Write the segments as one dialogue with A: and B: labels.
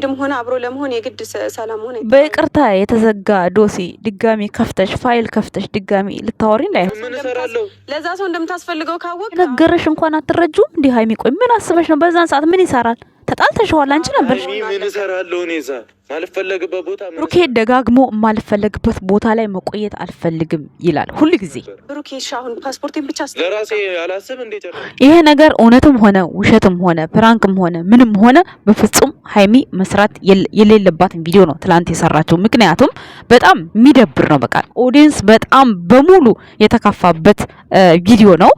A: ሄድም ሆነ አብሮ ለመሆን የግድ ሰላም ሆነ
B: በይቅርታ የተዘጋ ዶሴ ድጋሚ ከፍተሽ ፋይል ከፍተሽ ድጋሚ ልታወሪ እንዳይ
A: ለዛ ሰው እንደምታስፈልገው ካወቅ
B: ነገረሽ እንኳን አትረጁም። እንዲህ ሀይሚ ቆይ ምን አስበሽ ነው? በዛን ሰዓት ምን ይሰራል? ተጣልተሽዋል። አንቺ ነበርሽ ብሩኬ ደጋግሞ የማልፈለግበት ቦታ ላይ መቆየት አልፈልግም ይላል ሁሉ ጊዜ። ይሄ ነገር እውነትም ሆነ ውሸትም ሆነ ፕራንክም ሆነ ምንም ሆነ በፍጹም ሀይሚ መስራት የሌለባትን ቪዲዮ ነው ትላንት የሰራችው። ምክንያቱም በጣም የሚደብር ነው። በቃ ኦዲየንስ በጣም በሙሉ የተካፋበት ቪዲዮ ነው።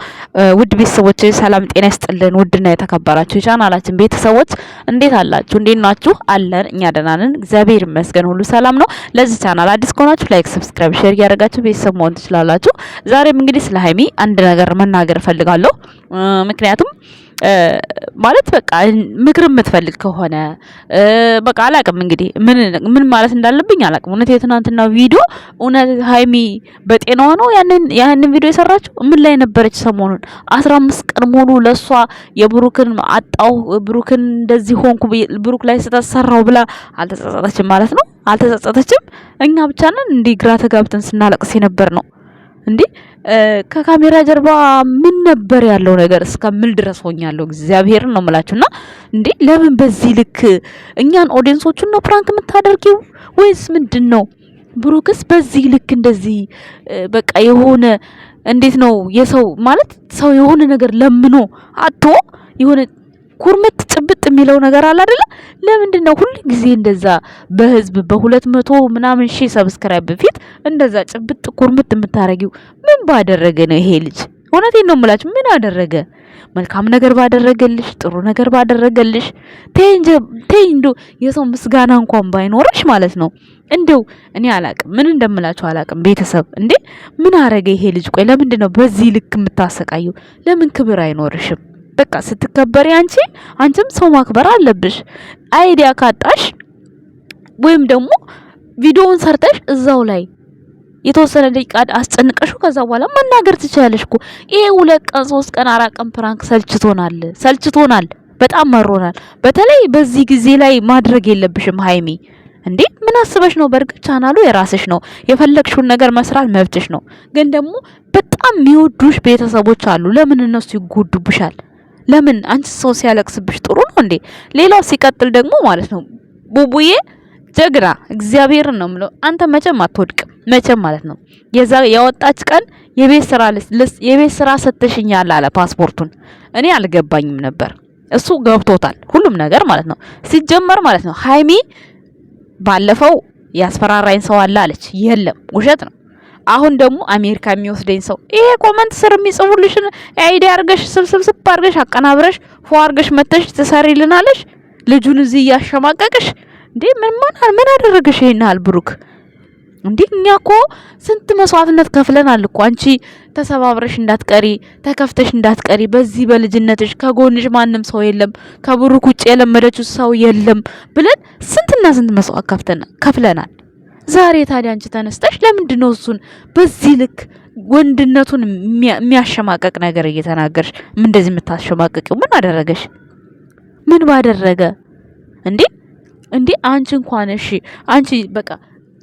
B: ውድ ቤተሰቦች ሰላም ጤና ይስጥልን። ውድና የተከበራችሁ የቻናላችን ቤተሰቦች እንዴት አላችሁ? እንዴት ናችሁ? አለን እኛ ደህና ነን፣ እግዚአብሔር ይመስገን፣ ሁሉ ሰላም ነው። ለዚህ ቻናል አዲስ ከሆናችሁ ላይክ፣ ሰብስክራይብ፣ ሼር እያደረጋችሁ ቤተሰብ መሆን ትችላላችሁ። ዛሬም እንግዲህ ስለ ሀይሚ አንድ ነገር መናገር እፈልጋለሁ። ምክንያቱም ማለት በቃ ምክር የምትፈልግ ከሆነ በቃ አላቅም እንግዲህ ምን ማለት እንዳለብኝ አላቅም። እውነት የትናንትና ቪዲዮ እውነት ሀይሚ በጤናዋ ነው ያንን ቪዲዮ የሰራችው? ምን ላይ ነበረች ሰሞኑን? አስራ አምስት ቀን ሙሉ ለእሷ የብሩክን አጣው ብሩክን እንደዚህ ሆንኩ ብሩክ ላይ ስተሰራው ብላ አልተጸጸተችም ማለት ነው። አልተጸጸተችም። እኛ ብቻ ነን እንዲህ ግራ ተጋብተን ስናለቅስ የነበር ነው እንዲህ ከካሜራ ጀርባ ምን ነበር ያለው ነገር እስከ ምን ድረስ ሆኛለሁ። እግዚአብሔርን ነው የምላችሁና እንዴ ለምን በዚህ ልክ እኛን ኦዲየንሶቹን ነው ፕራንክ የምታደርጊው ወይስ ምንድን ነው? ብሩክስ በዚህ ልክ እንደዚህ በቃ የሆነ እንዴት ነው የሰው ማለት ሰው የሆነ ነገር ለምኖ አቶ የሆነ ኩርምት ጭብጥ የሚለው ነገር አለ አይደለ? ለምንድን ነው ሁል ጊዜ እንደዛ በህዝብ በሁለት መቶ ምናምን ሺህ ሰብስክራይብ በፊት እንደዛ ጭብጥ ኩርምት የምታረጊው? ምን ባደረገ ነው ይሄ ልጅ? እውነቴን ነው የምላችሁ። ምን አደረገ? መልካም ነገር ባደረገልሽ፣ ጥሩ ነገር ባደረገልሽ ቴ እንዶ የሰው ምስጋና እንኳን ባይኖርሽ ማለት ነው። እንደው እኔ አላቅም ምን እንደምላችሁ አላቅም። ቤተሰብ እንዴ ምን አረገ ይሄ ልጅ? ቆይ ለምንድን ነው በዚህ ልክ የምታሰቃየው? ለምን ክብር አይኖርሽም? በቃ ስትከበሪ አንቺ አንቺም ሰው ማክበር አለብሽ። አይዲያ ካጣሽ ወይም ደግሞ ቪዲዮውን ሰርተሽ እዛው ላይ የተወሰነ ደቂቃ አስጨንቀሽው ከዛ በኋላ መናገር ትችላለሽ እኮ። ይሄ ሁለት ቀን ሶስት ቀን አራት ቀን ፕራንክ ሰልችቶናል፣ ሰልችቶናል፣ በጣም መሮናል። በተለይ በዚህ ጊዜ ላይ ማድረግ የለብሽም ሀይሚ። እንዴ ምን አስበሽ ነው? በእርግጥ ቻናሉ የራስሽ ነው፣ የፈለግሽውን ነገር መስራት መብትሽ ነው። ግን ደግሞ በጣም የሚወዱሽ ቤተሰቦች አሉ። ለምን እነሱ ይጎዱብሻል? ለምን አንቺ ሰው ሲያለቅስብሽ ጥሩ ነው እንዴ? ሌላው ሲቀጥል ደግሞ ማለት ነው ቡቡዬ ጀግና እግዚአብሔርን ነው የምለው። አንተ መቼም አትወድቅም መቼም ማለት ነው። የዛ ያወጣች ቀን የቤት ስራ የቤት ስራ ሰተሽኛል አለ ፓስፖርቱን። እኔ አልገባኝም ነበር። እሱ ገብቶታል ሁሉም ነገር ማለት ነው። ሲጀመር ማለት ነው ሃይሚ ባለፈው ያስፈራራኝ ሰው አለ አለች። የለም ውሸት ነው። አሁን ደግሞ አሜሪካ የሚወስደኝ ሰው ይሄ ኮመንት ስር የሚጽፉልሽን አይዲ አርገሽ ስብስብስብ አርገሽ አቀናብረሽ ፎ አርገሽ መተሽ ትሰሪልናለሽ። ልጁን እዚህ እያሸማቀቅሽ እንዴ ምን ምን አደረገሽ? ይሄን ያህል ብሩክ እንዴ እኛ እኮ ስንት መስዋዕትነት ከፍለናል እኮ አንቺ ተሰባብረሽ እንዳትቀሪ ተከፍተሽ እንዳትቀሪ። በዚህ በልጅነትሽ ከጎንሽ ማንም ሰው የለም ከብሩክ ውጭ የለመደችው ሰው የለም ብለን ስንትና ስንት መስዋዕት ከፍለናል። ዛሬ ታዲያ አንቺ ተነስተሽ ለምንድን ነው እሱን በዚህ ልክ ወንድነቱን የሚያሸማቀቅ ነገር እየተናገርሽ ምን እንደዚህ የምታሸማቀቂው? ምን አደረገሽ? ምን ባደረገ እንዴ? እንዴ አንቺ እንኳን እሺ፣ አንቺ በቃ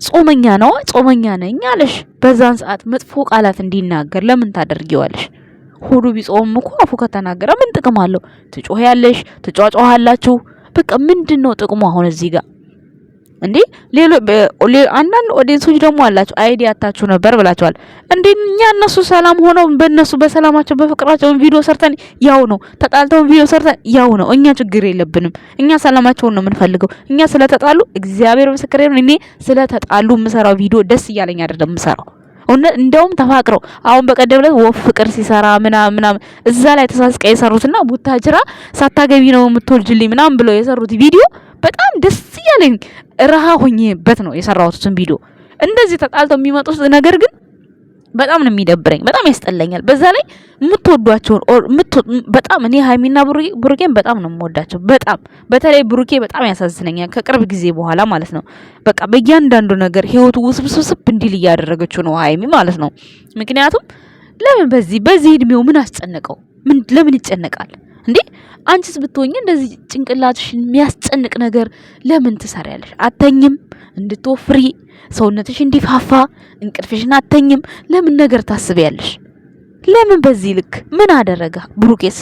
B: ጾመኛ ነው ጾመኛ ነኝ አለሽ። በዛን ሰዓት መጥፎ ቃላት እንዲናገር ለምን ታደርጊዋለሽ? ሆዱ ቢጾም እኮ አፉ ከተናገረ ምን ጥቅም አለው? ትጮህ ያለሽ ትጫጫኋላችሁ። በቃ ምንድን ነው ጥቅሙ አሁን እዚህ ጋር እንዴ አንዳንድ ኦዲንሶች ደግሞ አላችሁ አይዲ አታችሁ ነበር ብላቸዋል። እንዴ እኛ እነሱ ሰላም ሆነው በእነሱ በሰላማቸው በፍቅራቸውን ቪዲዮ ሰርተን ያው ነው ተጣልተውን ቪዲዮ ሰርተን ያው ነው። እኛ ችግር የለብንም። እኛ ሰላማቸውን ነው የምንፈልገው። እኛ ስለተጣሉ እግዚአብሔር ምስክር፣ እኔ ስለተጣሉ የምሰራው ቪዲዮ ደስ እያለኝ አይደለም የምሰራው እንደውም ተፋቅረው አሁን በቀደም ላይ ወፍ ፍቅር ሲሰራ ምናምን ምናምን እዛ ላይ ተሳስቀ የሰሩትና ቡታጅራ ሳታገቢ ነው የምትወልጅልኝ ምናምን ብለው የሰሩት ቪዲዮ በጣም ደስ እያለኝ ረሃ ሆኜበት ነው የሰራሁት ቪዲዮ። እንደዚህ ተጣልተው የሚመጡት ነገር ግን በጣም ነው የሚደብረኝ፣ በጣም ያስጠላኛል። በዛ ላይ የምትወዷቸውን በጣም እኔ ሀይሚና ብሩኬን በጣም ነው የምወዳቸው። በጣም በተለይ ብሩኬ በጣም ያሳዝነኛል፣ ከቅርብ ጊዜ በኋላ ማለት ነው። በቃ በእያንዳንዱ ነገር ህይወቱ ውስብስብስብ እንዲል እያደረገችው ነው ሀይሚ ማለት ነው። ምክንያቱም ለምን በዚህ በዚህ እድሜው ምን አስጨነቀው? ምን ለምን ይጨነቃል እንዴ? አንቺስ ብትሆኝ እንደዚህ ጭንቅላትሽን የሚያስጨንቅ ነገር ለምን ትሰሪያለሽ? አተኝም እንድትወፍሪ ሰውነትሽ እንዲፋፋ እንቅልፍሽን አተኝም። ለምን ነገር ታስቢያለሽ? ለምን በዚህ ልክ ምን አደረጋ ብሩኬስ?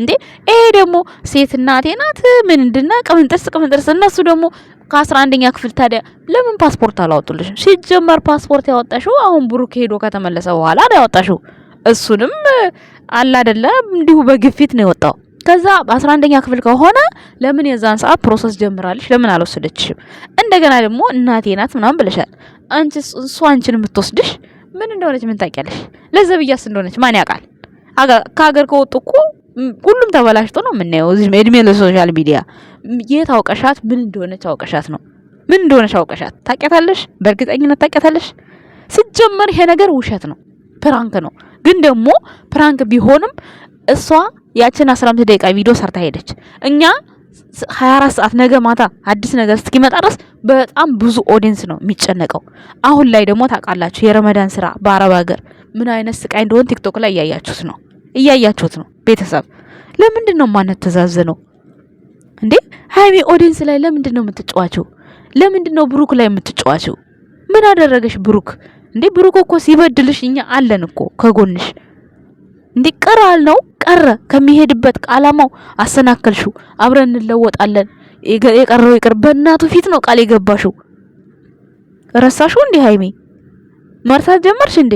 B: እንዴ ይሄ ደግሞ ሴት እናቴ ናት። ምን እንድና ቅምንጥርስ ቅምንጥርስ። እነሱ ደግሞ ከአስራ አንደኛ ክፍል ታዲያ ለምን ፓስፖርት አላወጡልሽ? ሲጀመር ፓስፖርት ያወጣሽው አሁን ብሩክ ሄዶ ከተመለሰ በኋላ ያወጣሽው እሱንም አላደለ እንዲሁ በግፊት ነው የወጣው። ከዛ አስራ አንደኛ ክፍል ከሆነ ለምን የዛን ሰዓት ፕሮሰስ ጀምራለች? ለምን አልወሰደችም? እንደገና ደግሞ እናቴ ናት ምናምን ብለሻል። አንቺ እሱ አንቺን የምትወስድሽ ምን እንደሆነች ምን ታውቂያለሽ? ለዘብያስ እንደሆነች ማን ያውቃል? ከሀገር ከወጡ እኮ ሁሉም ተበላሽቶ ነው የምናየው። እዚህ እድሜ ለሶሻል ሚዲያ የት አውቀሻት? ምን እንደሆነች አውቀሻት ነው ምን እንደሆነች አውቀሻት ታውቂያታለሽ? በእርግጠኝነት ታውቂያታለሽ። ሲጀመር ይሄ ነገር ውሸት ነው፣ ፕራንክ ነው። ግን ደግሞ ፕራንክ ቢሆንም እሷ ያችን 15 ደቂቃ ቪዲዮ ሰርታ ሄደች። እኛ 24 ሰዓት ነገ ማታ አዲስ ነገር እስኪመጣ ድረስ በጣም ብዙ ኦዲንስ ነው የሚጨነቀው። አሁን ላይ ደግሞ ታውቃላችሁ የረመዳን ስራ በአረብ ሀገር ምን አይነት ስቃይ እንደሆን ቲክቶክ ላይ እያያችሁት ነው እያያችሁት ነው። ቤተሰብ ለምንድን ነው ተዛዘ ነው እንዴ? ሀይሚ ኦዲንስ ላይ ለምንድን ነው የምትጫዋችው? ለምንድን ነው ብሩክ ላይ የምትጫዋችው? ምን አደረገሽ ብሩክ? እንዴ ብሩክ እኮ ሲበድልሽ እኛ አለን እኮ ከጎንሽ። እንዴ ቀራል ነው ቀረ ከሚሄድበት ቃላማው አሰናከልሹ። አብረን እንለወጣለን። የቀረው ይቅር። በእናቱ ፊት ነው ቃል የገባሽው። ረሳሹ እንዴ ሀይሜ? መርሳት ጀመርሽ እንዴ?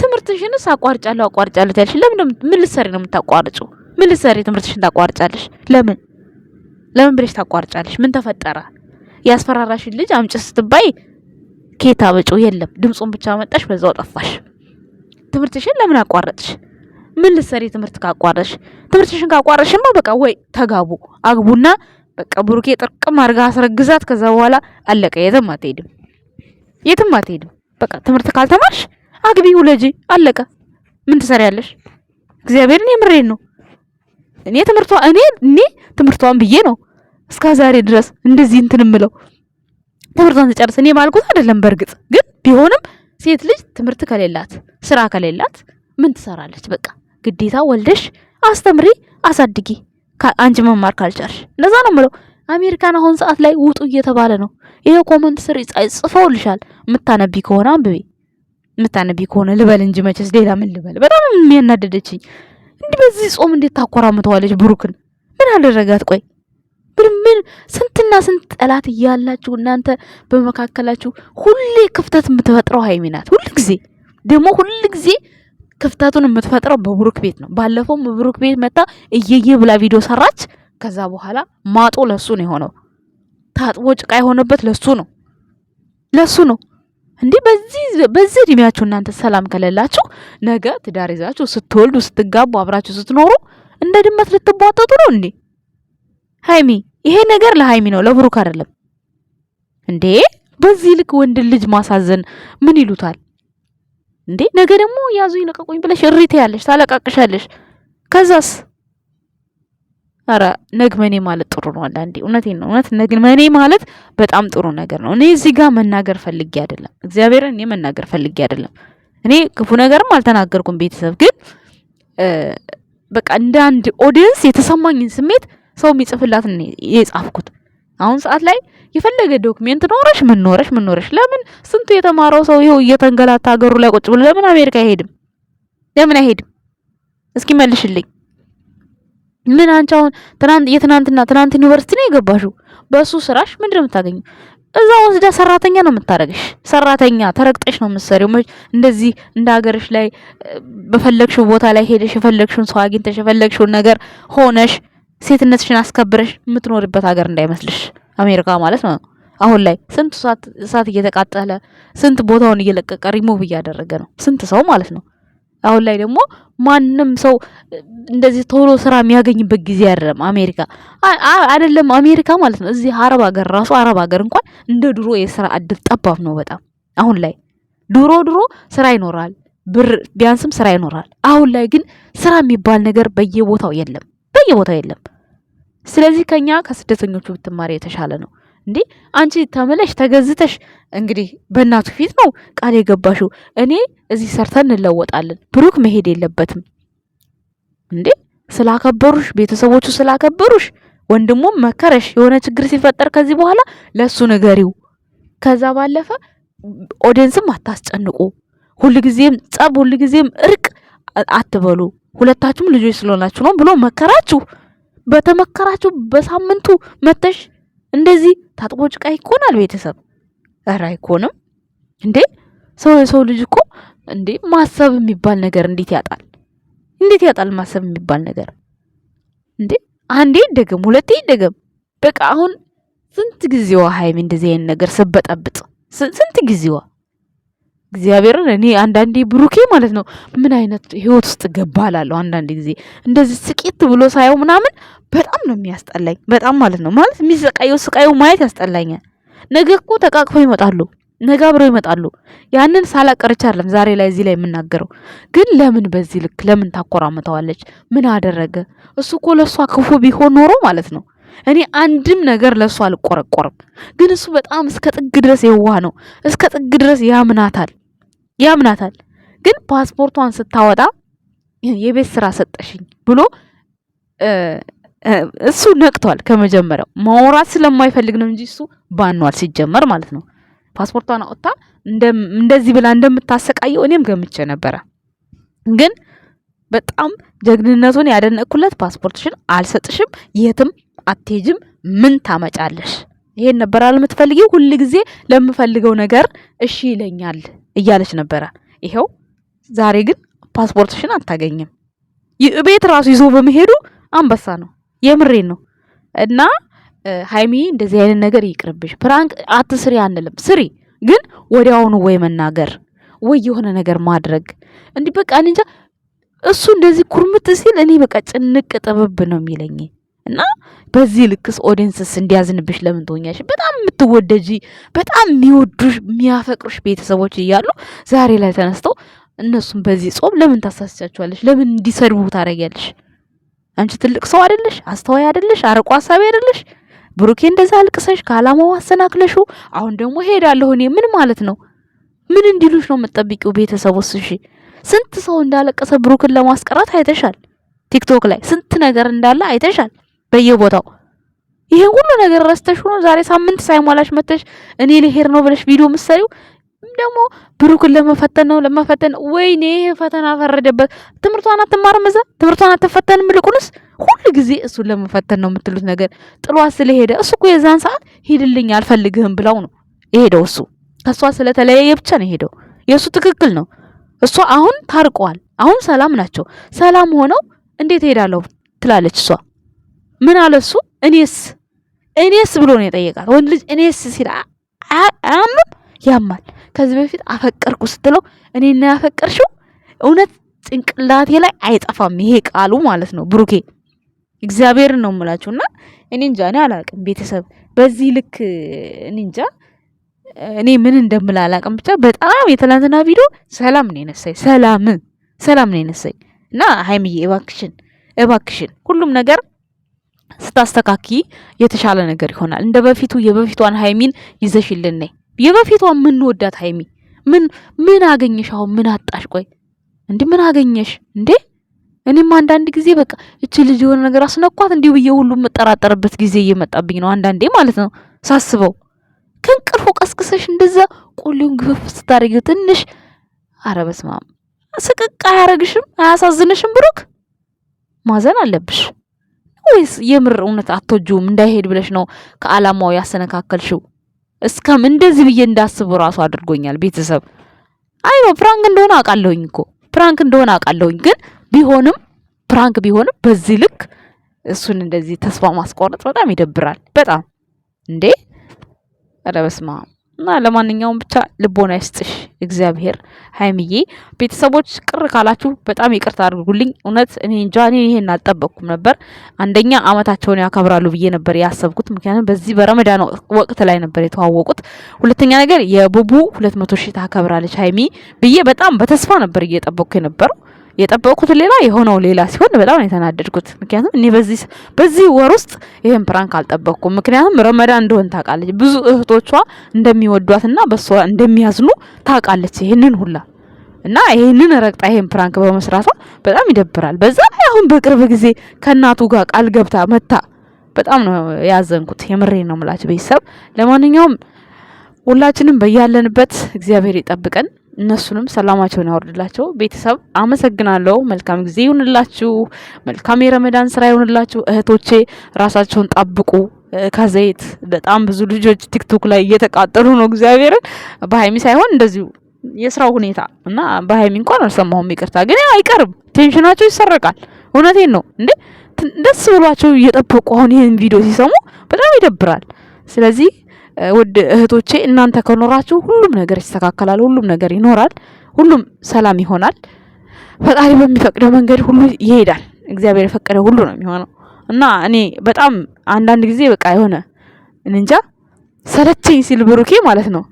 B: ትምህርትሽንስ አቋርጫለሁ አቋርጫለሁ ያልሽ ለምን? ምን ልትሰሪ ነው የምታቋርጩ? ምን ልትሰሪ ትምህርትሽን ታቋርጫለሽ? ለምን ለምን ብለሽ ታቋርጫለሽ? ምን ተፈጠረ? ያስፈራራሽን ልጅ አምጭ ስትባይ ኬታ በጮ የለም ድምፁን ብቻ መጣሽ፣ በዛው ጠፋሽ። ትምህርትሽን ለምን አቋረጥሽ? ምን ልትሰሪ ትምህርት ካቋረሽ? ትምህርትሽን ካቋረሽማ በቃ ወይ ተጋቡ አግቡና በቃ ብሩኬ ጥርቅም አድርጋ አስረግዛት። ከዛ በኋላ አለቀ። የትም አትሄድም፣ የትም አትሄድም። በቃ ትምህርት ካልተማርሽ አግቢ ውለጂ፣ አለቀ። ምን ትሰሪያለሽ? እግዚአብሔርን የምሬን ነው። እኔ ትምህርቷ እኔ እኔ ትምህርቷን ብዬ ነው እስከ ዛሬ ድረስ እንደዚህ እንትን እምለው ትምህርቷን ተጨርስ እኔ ማልኩት አይደለም። በእርግጥ ግን ቢሆንም ሴት ልጅ ትምህርት ከሌላት ስራ ከሌላት ምን ትሰራለች? በቃ ግዴታ ወልደሽ አስተምሪ፣ አሳድጊ። አንቺ መማር ካልቻልሽ እንደዛ ነው ምለው። አሜሪካን አሁን ሰዓት ላይ ውጡ እየተባለ ነው። ይሄ ኮመንት ስር ጽፈውልሻል። ምታነቢ ከሆነ አንብቤ ምታነቢ ከሆነ ልበል እንጂ መቼስ ሌላ ምን ልበል? በጣም የሚያናደደችኝ እንዲህ በዚህ ጾም እንዴት ታኮራምተዋለች? ብሩክን ምን አደረጋት? ቆይ ምን ስንትና ስንት ጠላት እያላችሁ እናንተ በመካከላችሁ ሁሌ ክፍተት የምትፈጥረው ሀይሚ ናት። ጊዜ ደግሞ ሁልጊዜ ክፍተቱን የምትፈጥረው በብሩክ ቤት ነው። ባለፈው ብሩክ ቤት መጣ እየየ ብላ ቪዲዮ ሰራች። ከዛ በኋላ ማጦ ለሱ ነው የሆነው። ታጥቦ ጭቃ የሆነበት ለሱ ነው ለሱ ነው። እንዲህ በዚህ በዚህ እድሜያችሁ እናንተ ሰላም ከሌላችሁ ነገ ትዳር ይዛችሁ ስትወልዱ ስትጋቡ አብራችሁ ስትኖሩ እንደ ድመት ልትቧጠጡ ነው እንዴ? ሀይሚ ይሄ ነገር ለሀይሚ ነው ለብሩክ አይደለም እንዴ? በዚህ ልክ ወንድ ልጅ ማሳዘን ምን ይሉታል? እንዴ ነገ ደግሞ ያዙ ይነቀቁኝ ብለሽ እሪት ያለሽ ታለቃቅሻለሽ። ከዛስ አረ ነግመኔ ማለት ጥሩ ነው። አንዳንዴ እውነቴን ነው። እውነት ነግመኔ ማለት በጣም ጥሩ ነገር ነው። እኔ እዚህ ጋር መናገር ፈልጌ አይደለም፣ እግዚአብሔርን እኔ መናገር ፈልጌ አይደለም። እኔ ክፉ ነገርም አልተናገርኩም። ቤተሰብ ግን በቃ እንደ አንድ ኦዲየንስ የተሰማኝን ስሜት ሰው የሚጽፍላት የጻፍኩት አሁን ሰዓት ላይ የፈለገ ዶክሜንት ኖረሽ ምን ኖረሽ ምን ኖረሽ፣ ለምን ስንቱ የተማረው ሰው ይኸው እየተንገላታ ሀገሩ ላይ ቁጭ ብሎ ለምን አሜሪካ አይሄድም? ለምን አይሄድም? እስኪ መልሽልኝ። ምን አንቺ አሁን ትናንት የትናንትና ትናንት ዩኒቨርሲቲ ነው የገባሽው። በሱ ስራሽ ምንድን ነው የምታገኘው? እዛ ወስዳ ሰራተኛ ነው የምታረግሽ። ሰራተኛ ተረግጠሽ ነው የምትሰሪው። እንደዚህ እንደ ሀገርሽ ላይ በፈለግሽው ቦታ ላይ ሄደሽ የፈለግሽውን ሰው አግኝተሽ የፈለግሽውን ነገር ሆነሽ ሴትነትሽን አስከብረሽ የምትኖርበት ሀገር እንዳይመስልሽ አሜሪካ ማለት ነው። አሁን ላይ ስንት እሳት እየተቃጠለ ስንት ቦታውን እየለቀቀ ሪሙቭ እያደረገ ነው ስንት ሰው ማለት ነው። አሁን ላይ ደግሞ ማንም ሰው እንደዚህ ቶሎ ስራ የሚያገኝበት ጊዜ አይደለም። አሜሪካ አይደለም አሜሪካ ማለት ነው። እዚህ አረብ ሀገር ራሱ አረብ ሀገር እንኳን እንደ ድሮ የስራ እድል ጠባብ ነው በጣም አሁን ላይ። ድሮ ድሮ ስራ ይኖራል ብር ቢያንስም ስራ ይኖራል። አሁን ላይ ግን ስራ የሚባል ነገር በየቦታው የለም፣ በየቦታው የለም። ስለዚህ ከኛ ከስደተኞቹ ብትማሪ የተሻለ ነው። እንዴ አንቺ ተመለሽ ተገዝተሽ እንግዲህ በእናቱ ፊት ነው ቃል የገባሽው። እኔ እዚህ ሰርተን እንለወጣለን፣ ብሩክ መሄድ የለበትም። እንዴ ስላከበሩሽ፣ ቤተሰቦቹ ስላከበሩሽ፣ ወንድሙም መከረሽ። የሆነ ችግር ሲፈጠር ከዚህ በኋላ ለእሱ ንገሪው። ከዛ ባለፈ ኦዲየንስም አታስጨንቁ። ሁልጊዜም ጸብ፣ ሁልጊዜም እርቅ አትበሉ። ሁለታችሁም ልጆች ስለሆናችሁ ነው ብሎ መከራችሁ። በተመከራችሁ በሳምንቱ መተሽ እንደዚህ ታጥቦ ጭቃ ይኮናል ቤተሰብ? ኧረ አይኮንም እንዴ! ሰው የሰው ልጅ እኮ እንዴ ማሰብ የሚባል ነገር እንዴት ያጣል? እንዴት ያጣል ማሰብ የሚባል ነገር እንዴ! አንዴ ይደገም ሁለቴ ይደገም። በቃ አሁን ስንት ጊዜዋ ሀይሚ እንደዚህ አይነት ነገር ስበጠብጥ ስንት ጊዜዋ እግዚአብሔርን እኔ አንዳንዴ ብሩኬ ማለት ነው ምን አይነት ህይወት ውስጥ ገባ እላለሁ። አንዳንድ ጊዜ እንደዚህ ስቂት ብሎ ሳየው ምናምን በጣም ነው የሚያስጠላኝ። በጣም ማለት ነው ማለት የሚሰቃየው ስቃየው ማየት ያስጠላኛል። ነገ እኮ ተቃቅፈው ይመጣሉ፣ ነገ አብረው ይመጣሉ። ያንን ሳላቀርቻ አይደለም ዛሬ ላይ እዚህ ላይ የምናገረው ግን፣ ለምን በዚህ ልክ ለምን ታኮራምተዋለች? ምን አደረገ እሱ? እኮ ለእሷ ክፉ ቢሆን ኖሮ ማለት ነው እኔ አንድም ነገር ለእሱ አልቆረቆርም። ግን እሱ በጣም እስከ ጥግ ድረስ የዋህ ነው። እስከ ጥግ ድረስ ያምናታል። ያምናታል። ግን ፓስፖርቷን ስታወጣ የቤት ስራ ሰጠሽኝ ብሎ እሱ ነቅቷል። ከመጀመሪያው ማውራት ስለማይፈልግ ነው እንጂ እሱ ባኗል ሲጀመር ማለት ነው። ፓስፖርቷን አወጣ እንደዚህ ብላ እንደምታሰቃየው እኔም ገምቼ ነበረ። ግን በጣም ጀግንነቱን ያደነቅኩለት ፓስፖርትሽን አልሰጥሽም፣ የትም አትሄጅም፣ ምን ታመጫለሽ? ይሄን ነበር አለ የምትፈልጊው። ሁል ጊዜ ለምፈልገው ነገር እሺ ይለኛል እያለች ነበረ። ይኸው ዛሬ ግን ፓስፖርትሽን አታገኝም። ቤት ራሱ ይዞ በመሄዱ አንበሳ ነው። የምሬን ነው እና ሀይሚ እንደዚህ አይነት ነገር ይቅርብሽ። ፕራንክ አትስሪ አንልም፣ ስሪ ግን ወዲያውኑ ወይ መናገር ወይ የሆነ ነገር ማድረግ እንዲህ በቃ እንጃ። እሱ እንደዚህ ኩርምት ሲል እኔ በቃ ጭንቅ ጥብብ ነው የሚለኝ። እና በዚህ ልክስ ኦዲንስስ እንዲያዝንብሽ ለምን ትሆኛሽ? በጣም የምትወደጂ በጣም የሚወዱሽ የሚያፈቅሩሽ ቤተሰቦች እያሉ ዛሬ ላይ ተነስተው እነሱም በዚህ ጾም ለምን ታሳስቻቸዋለሽ? ለምን እንዲሰድቡ ታደርጊያለሽ? አንቺ ትልቅ ሰው አይደለሽ? አስተዋይ አይደለሽ? አርቆ ሀሳቢ አይደለሽ? ብሩኬ እንደዛ አልቅሰሽ ከአላማው አሰናክለሹ፣ አሁን ደግሞ ሄዳለሁ እኔ ምን ማለት ነው? ምን እንዲሉሽ ነው የምትጠብቂው? ቤተሰቦች እሺ፣ ስንት ሰው እንዳለቀሰ ብሩክን ለማስቀረት አይተሻል። ቲክቶክ ላይ ስንት ነገር እንዳለ አይተሻል። በየቦታው ይሄን ሁሉ ነገር ረስተሽ ሆኖ ዛሬ ሳምንት ሳይሟላሽ መተሽ እኔ ልሄድ ነው ብለሽ ቪዲዮ ምሰሪው ደግሞ ብሩክን ለመፈተን ነው ለመፈተን። ወይኔ ይሄ ፈተና ፈረደበት። ትምህርቷን አትማርም፣ እዛ ትምህርቷን አትፈተንም። ይልቁንስ ሁሉ ጊዜ እሱን ለመፈተን ነው የምትሉት ነገር። ጥሏት ስለሄደ እሱ እኮ የዛን ሰዓት ሂድልኝ አልፈልግህም ብላው ነው የሄደው። እሱ ከእሷ ስለተለያየ ብቻ ነው የሄደው። የእሱ ትክክል ነው። እሷ አሁን ታርቀዋል። አሁን ሰላም ናቸው። ሰላም ሆነው እንዴት እሄዳለሁ ትላለች እሷ ምን አለ እሱ እኔስ እኔስ ብሎ ነው የጠየቃት። ወንድ ልጅ እኔስ ሲል አያምም ያማል። ከዚህ በፊት አፈቀርኩ ስትለው እኔ እና ያፈቀርሽው እውነት ጭንቅላቴ ላይ አይጠፋም ይሄ ቃሉ ማለት ነው። ብሩኬ እግዚአብሔር ነው የምላችሁ። እና እኔ እንጃ እኔ አላቅም ቤተሰብ በዚህ ልክ እኔ እንጃ እኔ ምን እንደምል አላቅም። ብቻ በጣም የትላንትና ቪዲዮ ሰላም ነው የነሳኝ፣ ሰላም ሰላም ነው የነሳኝ። እና ሀይምዬ እባክሽን እባክሽን ሁሉም ነገር ስታስተካኪ የተሻለ ነገር ይሆናል። እንደ በፊቱ የበፊቷን ሀይሚን ይዘሽልን ነይ። የበፊቷን ምንወዳት ሀይሚ ምን ምን አገኘሽ? አሁን ምን አጣሽ? ቆይ እንዲህ ምን አገኘሽ እንዴ? እኔም አንዳንድ ጊዜ በቃ እቺ ልጅ የሆነ ነገር አስነኳት እንዲ ብዬ ሁሉ የምጠራጠርበት ጊዜ እየመጣብኝ ነው፣ አንዳንዴ ማለት ነው ሳስበው። ከእንቅልፎ ቀስቅሰሽ እንደዛ ቆሌውን ግፍፍ ስታደርጊው ትንሽ ኧረ በስመ አብ ስቅቅ አያረግሽም? አያሳዝንሽም? ብሩክ ማዘን አለብሽ። ወይስ የምር እውነት አትወጂውም እንዳይሄድ ብለሽ ነው ከአላማው ያሰነካከልሽው? እስከም እንደዚህ ብዬ እንዳስብ ራሱ አድርጎኛል። ቤተሰብ አይ ነው ፕራንክ እንደሆነ አውቃለሁኝ እኮ ፕራንክ እንደሆነ አውቃለሁኝ። ግን ቢሆንም ፕራንክ ቢሆንም በዚህ ልክ እሱን እንደዚህ ተስፋ ማስቆረጥ በጣም ይደብራል። በጣም እንዴ! ኧረ በስመ አብ እና ለማንኛውም ብቻ ልቦና ይስጥሽ እግዚአብሔር። ሀይምዬ ቤተሰቦች ቅር ካላችሁ በጣም ይቅርታ አድርጉልኝ። እውነት እኔ እንጃ እኔ ይሄን አልጠበቅኩም ነበር። አንደኛ አመታቸውን ያከብራሉ ብዬ ነበር ያሰብኩት፣ ምክንያቱም በዚህ በረመዳን ወቅት ላይ ነበር የተዋወቁት። ሁለተኛ ነገር የቡቡ ሁለት መቶ ሺህ ታከብራለች ሀይሚ ብዬ በጣም በተስፋ ነበር እየጠበቅኩ የነበረው የጠበቁት ሌላ የሆነው ሌላ ሲሆን በጣም ነው የተናደድኩት። ምክንያቱም እኔ በዚህ በዚህ ወር ውስጥ ይሄን ፕራንክ አልጠበቅኩም። ምክንያቱም ረመዳን እንደሆን ታውቃለች፣ ብዙ እህቶቿ እንደሚወዷትና በሷ እንደሚያዝኑ ታውቃለች። ይሄንን ሁላ እና ይሄንን ረግጣ ይሄን ፕራንክ በመስራቷ በጣም ይደብራል። በዛ ላይ አሁን በቅርብ ጊዜ ከእናቱ ጋር ቃል ገብታ መታ በጣም ነው ያዘንኩት። የምሬ ነው ምላች ቤተሰብ። ለማንኛውም ሁላችንም በያለንበት እግዚአብሔር ይጠብቀን። እነሱንም ሰላማቸውን ያወርድላቸው። ቤተሰብ አመሰግናለሁ። መልካም ጊዜ ይሁንላችሁ። መልካም የረመዳን ስራ ይሁንላችሁ። እህቶቼ ራሳቸውን ጠብቁ ከዘይት። በጣም ብዙ ልጆች ቲክቶክ ላይ እየተቃጠሉ ነው። እግዚአብሔርን በሀይሚ ሳይሆን እንደዚሁ የስራው ሁኔታ እና በሀይሚ እንኳን አልሰማሁም፣ ይቅርታ ግን አይቀርም። ቴንሽናቸው ይሰረቃል። እውነቴን ነው እንዴ ደስ ብሏቸው እየጠበቁ አሁን ይህን ቪዲዮ ሲሰሙ በጣም ይደብራል። ስለዚህ ውድ እህቶቼ እናንተ ከኖራችሁ ሁሉም ነገር ይስተካከላል፣ ሁሉም ነገር ይኖራል፣ ሁሉም ሰላም ይሆናል። ፈጣሪ በሚፈቅደው መንገድ ሁሉ ይሄዳል። እግዚአብሔር የፈቀደው ሁሉ ነው የሚሆነው እና እኔ በጣም አንዳንድ ጊዜ በቃ የሆነ እንጃ ሰለቸኝ ሲል ብሩኬ ማለት ነው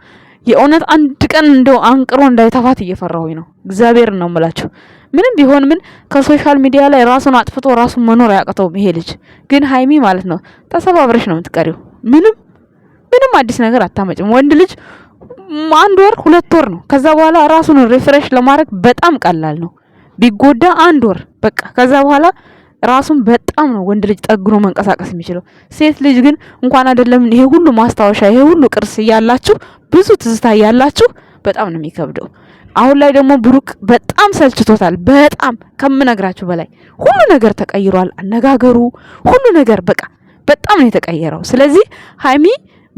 B: የእውነት አንድ ቀን እንደው አንቅሮ እንዳይተፋት እየፈራሁኝ ነው። እግዚአብሔር ነው የምላችሁ። ምንም ቢሆን ምን ከሶሻል ሚዲያ ላይ ራሱን አጥፍቶ ራሱን መኖር አያቅተውም ይሄ ልጅ። ግን ሀይሚ ማለት ነው ተሰባብረሽ ነው የምትቀሪው ምንም ምንም አዲስ ነገር አታመጭም። ወንድ ልጅ አንድ ወር ሁለት ወር ነው። ከዛ በኋላ ራሱን ሪፍሬሽ ለማድረግ በጣም ቀላል ነው። ቢጎዳ አንድ ወር በቃ። ከዛ በኋላ ራሱን በጣም ነው ወንድ ልጅ ጠግኖ መንቀሳቀስ የሚችለው። ሴት ልጅ ግን እንኳን አይደለም ይሄ ሁሉ ማስታወሻ ይሄ ሁሉ ቅርስ እያላችሁ ብዙ ትዝታ እያላችሁ በጣም ነው የሚከብደው። አሁን ላይ ደግሞ ብሩቅ በጣም ሰልችቶታል። በጣም ከምነግራችሁ በላይ ሁሉ ነገር ተቀይሯል። አነጋገሩ፣ ሁሉ ነገር በቃ በጣም ነው የተቀየረው። ስለዚህ ሀይሚ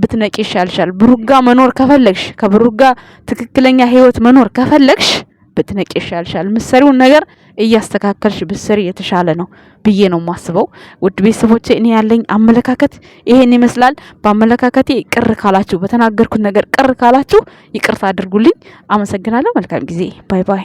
B: ብትነቂ ይሻልሻል። ብሩጋ መኖር ከፈለግሽ ከብሩጋ ትክክለኛ ህይወት መኖር ከፈለግሽ ብትነቂ ይሻልሻል። ምሰሪውን ነገር እያስተካከልሽ ብትሰሪ የተሻለ ነው ብዬ ነው የማስበው። ውድ ቤተሰቦቼ እኔ ያለኝ አመለካከት ይሄን ይመስላል። በአመለካከቴ ቅር ካላችሁ፣ በተናገርኩት ነገር ቅር ካላችሁ ይቅርታ አድርጉልኝ። አመሰግናለሁ። መልካም ጊዜ። ባይ ባይ